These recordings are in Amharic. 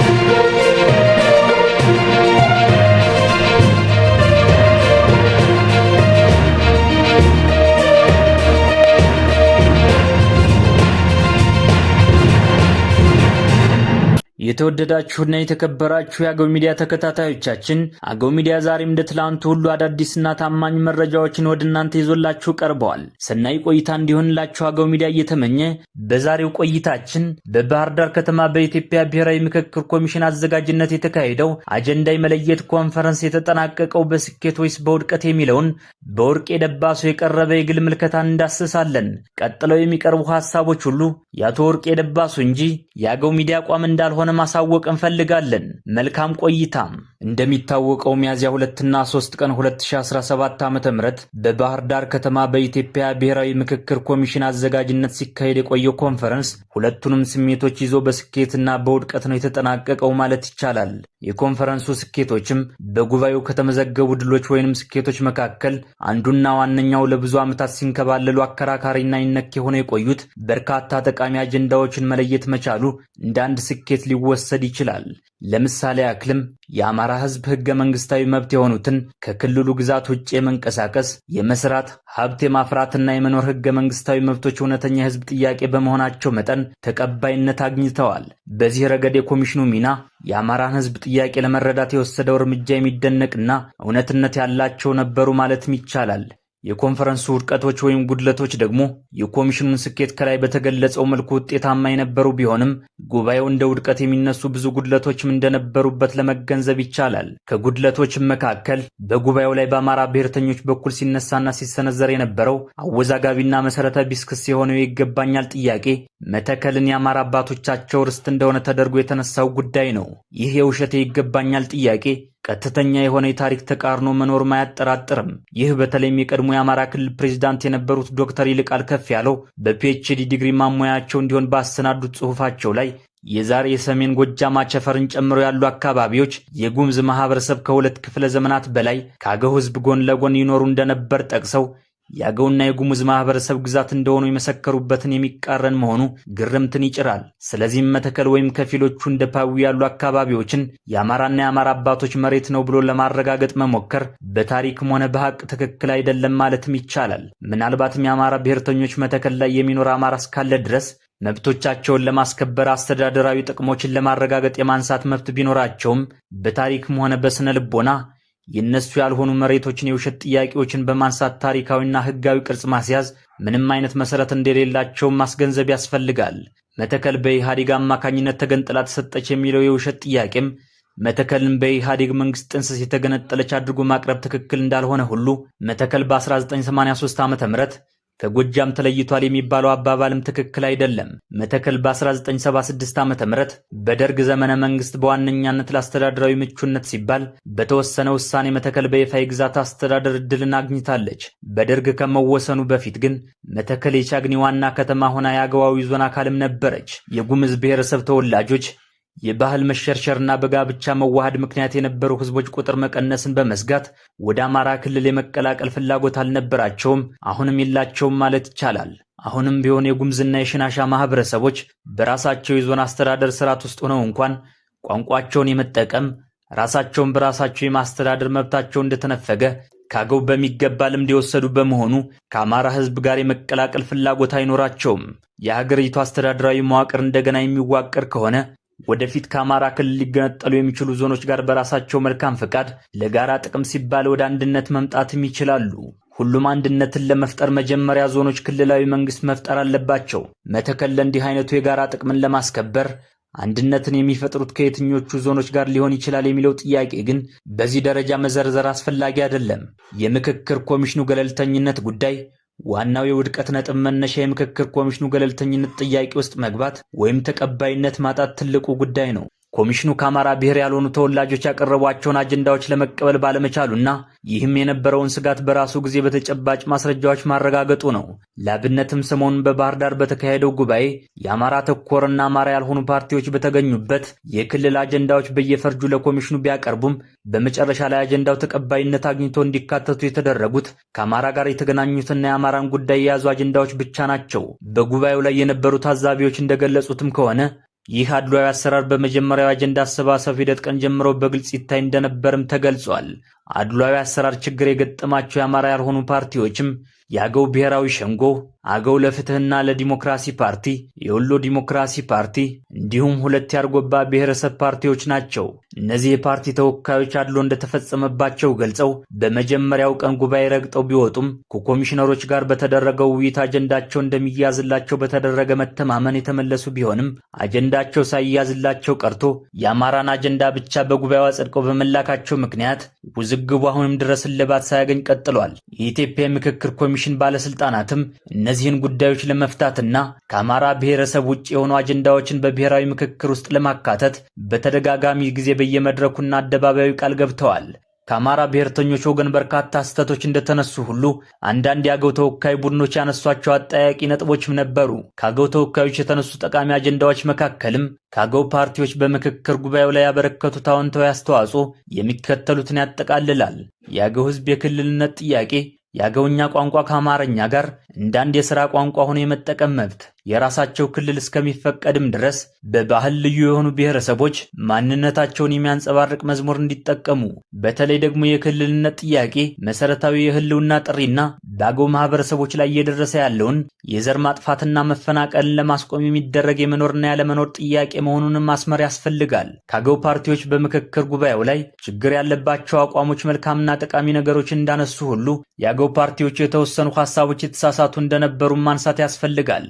Música የተወደዳችሁና የተከበራችሁ የአገው ሚዲያ ተከታታዮቻችን አገው ሚዲያ ዛሬም እንደ ትላንቱ ሁሉ አዳዲስና ታማኝ መረጃዎችን ወደ እናንተ ይዞላችሁ ቀርበዋል። ሰናይ ቆይታ እንዲሆንላችሁ አገው ሚዲያ እየተመኘ በዛሬው ቆይታችን በባህር ዳር ከተማ በኢትዮጵያ ብሔራዊ ምክክር ኮሚሽን አዘጋጅነት የተካሄደው አጀንዳ የመለየት ኮንፈረንስ የተጠናቀቀው በስኬት ወይስ በውድቀት የሚለውን በወርቄ ደባሶ የቀረበ የግል ምልከታን እንዳስሳለን። ቀጥለው የሚቀርቡ ሀሳቦች ሁሉ የአቶ ወርቄ ደባሶ እንጂ የአገው ሚዲያ አቋም እንዳልሆነ ማሳወቅ እንፈልጋለን። መልካም ቆይታም። እንደሚታወቀው ሚያዝያ 2ና 3 ቀን 2017 ዓ ም በባህር ዳር ከተማ በኢትዮጵያ ብሔራዊ ምክክር ኮሚሽን አዘጋጅነት ሲካሄድ የቆየው ኮንፈረንስ ሁለቱንም ስሜቶች ይዞ በስኬትና በውድቀት ነው የተጠናቀቀው ማለት ይቻላል። የኮንፈረንሱ ስኬቶችም በጉባኤው ከተመዘገቡ ድሎች ወይንም ስኬቶች መካከል አንዱና ዋነኛው ለብዙ ዓመታት ሲንከባለሉ አከራካሪና ይነክ የሆነ የቆዩት በርካታ ጠቃሚ አጀንዳዎችን መለየት መቻሉ እንደ አንድ ስኬት ሊወሰድ ይችላል። ለምሳሌ አክልም የአማራ ሕዝብ ሕገ መንግስታዊ መብት የሆኑትን ከክልሉ ግዛት ውጭ የመንቀሳቀስ፣ የመስራት፣ ሀብት የማፍራትና የመኖር ሕገ መንግስታዊ መብቶች እውነተኛ የሕዝብ ጥያቄ በመሆናቸው መጠን ተቀባይነት አግኝተዋል። በዚህ ረገድ የኮሚሽኑ ሚና የአማራን ህዝብ ጥያቄ ለመረዳት የወሰደው እርምጃ የሚደነቅና እውነትነት ያላቸው ነበሩ ማለትም ይቻላል። የኮንፈረንሱ ውድቀቶች ወይም ጉድለቶች ደግሞ የኮሚሽኑን ስኬት ከላይ በተገለጸው መልኩ ውጤታማ የነበሩ ቢሆንም ጉባኤው እንደ ውድቀት የሚነሱ ብዙ ጉድለቶችም እንደነበሩበት ለመገንዘብ ይቻላል። ከጉድለቶች መካከል በጉባኤው ላይ በአማራ ብሔርተኞች በኩል ሲነሳና ሲሰነዘር የነበረው አወዛጋቢና መሰረተ ቢስ ክስ የሆነው ይገባኛል ጥያቄ መተከልን የአማራ አባቶቻቸው ርስት እንደሆነ ተደርጎ የተነሳው ጉዳይ ነው። ይህ የውሸት ይገባኛል ጥያቄ ቀጥተኛ የሆነ የታሪክ ተቃርኖ መኖርም አያጠራጥርም። ይህ በተለይም የቀድሞ የአማራ ክልል ፕሬዚዳንት የነበሩት ዶክተር ይልቃል ከፍ ያለው በፒኤችዲ ዲግሪ ማሞያቸው እንዲሆን ባሰናዱት ጽሑፋቸው ላይ የዛሬ የሰሜን ጎጃም አቸፈርን ጨምሮ ያሉ አካባቢዎች የጉምዝ ማህበረሰብ ከሁለት ክፍለ ዘመናት በላይ ከአገው ሕዝብ ጎን ለጎን ይኖሩ እንደነበር ጠቅሰው የአገውና የጉሙዝ ማህበረሰብ ግዛት እንደሆኑ የመሰከሩበትን የሚቃረን መሆኑ ግርምትን ይጭራል። ስለዚህም መተከል ወይም ከፊሎቹ እንደ ፓዊ ያሉ አካባቢዎችን የአማራና የአማራ አባቶች መሬት ነው ብሎ ለማረጋገጥ መሞከር በታሪክም ሆነ በሀቅ ትክክል አይደለም ማለትም ይቻላል። ምናልባትም የአማራ ብሔርተኞች መተከል ላይ የሚኖር አማራ እስካለ ድረስ መብቶቻቸውን ለማስከበር አስተዳደራዊ ጥቅሞችን ለማረጋገጥ የማንሳት መብት ቢኖራቸውም በታሪክም ሆነ በስነ ልቦና የእነሱ ያልሆኑ መሬቶችን የውሸት ጥያቄዎችን በማንሳት ታሪካዊና ሕጋዊ ቅርጽ ማስያዝ ምንም አይነት መሰረት እንደሌላቸው ማስገንዘብ ያስፈልጋል። መተከል በኢህአዴግ አማካኝነት ተገንጥላ ተሰጠች የሚለው የውሸት ጥያቄም መተከልን በኢህአዴግ መንግስት ጥንስስ የተገነጠለች አድርጎ ማቅረብ ትክክል እንዳልሆነ ሁሉ መተከል በ1983 ዓ ም ከጎጃም ተለይቷል የሚባለው አባባልም ትክክል አይደለም። መተከል በ1976 ዓ ም በደርግ ዘመነ መንግስት በዋነኛነት ለአስተዳደራዊ ምቹነት ሲባል በተወሰነ ውሳኔ መተከል በይፋ የግዛት አስተዳደር ዕድልን አግኝታለች። በደርግ ከመወሰኑ በፊት ግን መተከል የቻግኒ ዋና ከተማ ሆና የአገዋዊ ዞን አካልም ነበረች። የጉምዝ ብሔረሰብ ተወላጆች የባህል መሸርሸርና በጋብቻ መዋሃድ ምክንያት የነበሩ ህዝቦች ቁጥር መቀነስን በመስጋት ወደ አማራ ክልል የመቀላቀል ፍላጎት አልነበራቸውም፣ አሁንም የላቸውም ማለት ይቻላል። አሁንም ቢሆን የጉምዝና የሽናሻ ማህበረሰቦች በራሳቸው የዞን አስተዳደር ስርዓት ውስጥ ሆነው እንኳን ቋንቋቸውን የመጠቀም ራሳቸውን በራሳቸው የማስተዳደር መብታቸው እንደተነፈገ ከአገው በሚገባ ልምድ የወሰዱ በመሆኑ ከአማራ ህዝብ ጋር የመቀላቀል ፍላጎት አይኖራቸውም። የሀገሪቱ አስተዳደራዊ መዋቅር እንደገና የሚዋቀር ከሆነ ወደፊት ከአማራ ክልል ሊገነጠሉ የሚችሉ ዞኖች ጋር በራሳቸው መልካም ፈቃድ ለጋራ ጥቅም ሲባል ወደ አንድነት መምጣትም ይችላሉ። ሁሉም አንድነትን ለመፍጠር መጀመሪያ ዞኖች ክልላዊ መንግስት መፍጠር አለባቸው። መተከል ለእንዲህ አይነቱ የጋራ ጥቅምን ለማስከበር አንድነትን የሚፈጥሩት ከየትኞቹ ዞኖች ጋር ሊሆን ይችላል የሚለው ጥያቄ ግን በዚህ ደረጃ መዘርዘር አስፈላጊ አይደለም። የምክክር ኮሚሽኑ ገለልተኝነት ጉዳይ ዋናው የውድቀት ነጥብ መነሻ የምክክር ኮሚሽኑ ገለልተኝነት ጥያቄ ውስጥ መግባት ወይም ተቀባይነት ማጣት ትልቁ ጉዳይ ነው። ኮሚሽኑ ከአማራ ብሔር ያልሆኑ ተወላጆች ያቀረቧቸውን አጀንዳዎች ለመቀበል ባለመቻሉና ይህም የነበረውን ስጋት በራሱ ጊዜ በተጨባጭ ማስረጃዎች ማረጋገጡ ነው። ለአብነትም ሰሞኑን በባህር ዳር በተካሄደው ጉባኤ የአማራ ተኮርና አማራ ያልሆኑ ፓርቲዎች በተገኙበት የክልል አጀንዳዎች በየፈርጁ ለኮሚሽኑ ቢያቀርቡም በመጨረሻ ላይ አጀንዳው ተቀባይነት አግኝቶ እንዲካተቱ የተደረጉት ከአማራ ጋር የተገናኙትና የአማራን ጉዳይ የያዙ አጀንዳዎች ብቻ ናቸው። በጉባኤው ላይ የነበሩ ታዛቢዎች እንደገለጹትም ከሆነ ይህ አድሏዊ አሰራር በመጀመሪያው አጀንዳ አሰባሰብ ሂደት ቀን ጀምሮ በግልጽ ይታይ እንደነበርም ተገልጿል። አድሏዊ አሰራር ችግር የገጠማቸው የአማራ ያልሆኑ ፓርቲዎችም የአገው ብሔራዊ ሸንጎ፣ አገው ለፍትህና ለዲሞክራሲ ፓርቲ፣ የወሎ ዲሞክራሲ ፓርቲ፣ እንዲሁም ሁለት የአርጎባ ብሔረሰብ ፓርቲዎች ናቸው። እነዚህ የፓርቲ ተወካዮች አድሎ እንደተፈጸመባቸው ገልጸው በመጀመሪያው ቀን ጉባኤ ረግጠው ቢወጡም ከኮሚሽነሮች ጋር በተደረገው ውይይት አጀንዳቸው እንደሚያዝላቸው በተደረገ መተማመን የተመለሱ ቢሆንም አጀንዳቸው ሳይያዝላቸው ቀርቶ የአማራን አጀንዳ ብቻ በጉባኤው አጸድቀው በመላካቸው ምክንያት ውዝግቡ አሁንም ድረስ እልባት ሳያገኝ ቀጥሏል። የኢትዮጵያ የምክክር ኮሚሽን ባለስልጣናትም እነዚህን ጉዳዮች ለመፍታትና ከአማራ ብሔረሰብ ውጭ የሆኑ አጀንዳዎችን በብሔ ብሔራዊ ምክክር ውስጥ ለማካተት በተደጋጋሚ ጊዜ በየመድረኩና አደባባዩ ቃል ገብተዋል። ከአማራ ብሔርተኞች ወገን በርካታ ስህተቶች እንደተነሱ ሁሉ አንዳንድ የአገው ተወካይ ቡድኖች ያነሷቸው አጠያቂ ነጥቦችም ነበሩ። ከአገው ተወካዮች የተነሱ ጠቃሚ አጀንዳዎች መካከልም ከአገው ፓርቲዎች በምክክር ጉባኤው ላይ ያበረከቱት አዎንታዊ አስተዋጽኦ የሚከተሉትን ያጠቃልላል። የአገው ሕዝብ የክልልነት ጥያቄ፣ የአገውኛ ቋንቋ ከአማርኛ ጋር እንደ አንድ የሥራ ቋንቋ ሆኖ የመጠቀም መብት የራሳቸው ክልል እስከሚፈቀድም ድረስ በባህል ልዩ የሆኑ ብሔረሰቦች ማንነታቸውን የሚያንጸባርቅ መዝሙር እንዲጠቀሙ በተለይ ደግሞ የክልልነት ጥያቄ መሰረታዊ የህልውና ጥሪና በአገው ማህበረሰቦች ላይ እየደረሰ ያለውን የዘር ማጥፋትና መፈናቀልን ለማስቆም የሚደረግ የመኖርና ያለመኖር ጥያቄ መሆኑንም ማስመር ያስፈልጋል። ከአገው ፓርቲዎች በምክክር ጉባኤው ላይ ችግር ያለባቸው አቋሞች መልካምና ጠቃሚ ነገሮችን እንዳነሱ ሁሉ የአገው ፓርቲዎች የተወሰኑ ሀሳቦች የተሳሳቱ እንደነበሩ ማንሳት ያስፈልጋል።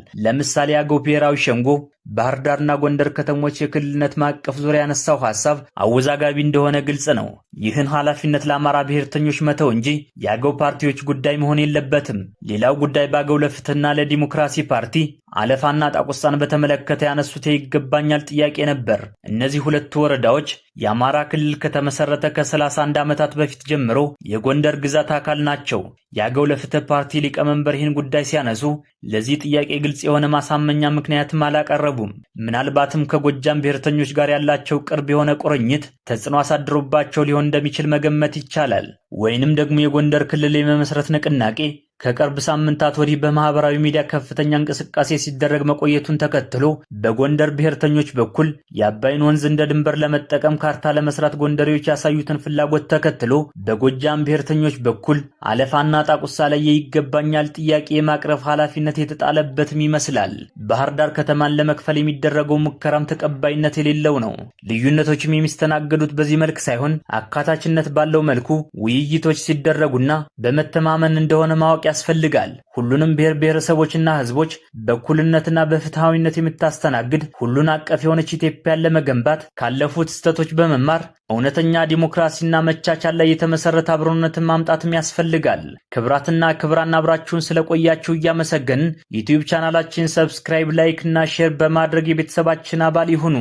ምሳሌ አገው ብሔራዊ ሸንጎ ባህር ዳርና ጎንደር ከተሞች የክልልነት ማዕቀፍ ዙሪያ ያነሳው ሀሳብ አወዛጋቢ እንደሆነ ግልጽ ነው። ይህን ኃላፊነት ለአማራ ብሔርተኞች መተው እንጂ የአገው ፓርቲዎች ጉዳይ መሆን የለበትም። ሌላው ጉዳይ በአገው ለፍትህና ለዲሞክራሲ ፓርቲ አለፋና ጣቁሳን በተመለከተ ያነሱት ይገባኛል ጥያቄ ነበር። እነዚህ ሁለቱ ወረዳዎች የአማራ ክልል ከተመሰረተ ከ31 ዓመታት በፊት ጀምሮ የጎንደር ግዛት አካል ናቸው። የአገው ለፍትህ ፓርቲ ሊቀመንበር ይህን ጉዳይ ሲያነሱ ለዚህ ጥያቄ ግልጽ የሆነ ማሳመኛ ምክንያትም አላቀረቡ አይቀርቡም። ምናልባትም ከጎጃም ብሔርተኞች ጋር ያላቸው ቅርብ የሆነ ቁርኝት ተጽዕኖ አሳድሮባቸው ሊሆን እንደሚችል መገመት ይቻላል። ወይንም ደግሞ የጎንደር ክልል የመመስረት ንቅናቄ ከቅርብ ሳምንታት ወዲህ በማህበራዊ ሚዲያ ከፍተኛ እንቅስቃሴ ሲደረግ መቆየቱን ተከትሎ በጎንደር ብሔርተኞች በኩል የአባይን ወንዝ እንደ ድንበር ለመጠቀም ካርታ ለመስራት ጎንደሬዎች ያሳዩትን ፍላጎት ተከትሎ በጎጃም ብሔርተኞች በኩል አለፋና ጣቁሳ ላይ የይገባኛል ጥያቄ የማቅረብ ኃላፊነት የተጣለበትም ይመስላል። ባህር ዳር ከተማን ለመክፈል የሚደረገው ሙከራም ተቀባይነት የሌለው ነው። ልዩነቶችም የሚስተናገዱት በዚህ መልክ ሳይሆን አካታችነት ባለው መልኩ ውይይቶች ሲደረጉና በመተማመን እንደሆነ ማወቅ ያስፈልጋል። ሁሉንም ብሔር ብሔረሰቦችና ህዝቦች በእኩልነትና በፍትሐዊነት የምታስተናግድ ሁሉን አቀፍ የሆነች ኢትዮጵያን ለመገንባት ካለፉት ስህተቶች በመማር እውነተኛ ዲሞክራሲና መቻቻል ላይ የተመሰረተ አብሮነትን ማምጣትም ያስፈልጋል። ክብራትና ክብራን አብራችሁን ስለቆያችሁ እያመሰገንን ዩቲዩብ ቻናላችን ሰብስክራይብ፣ ላይክ እና ሼር በማድረግ የቤተሰባችን አባል ይሁኑ።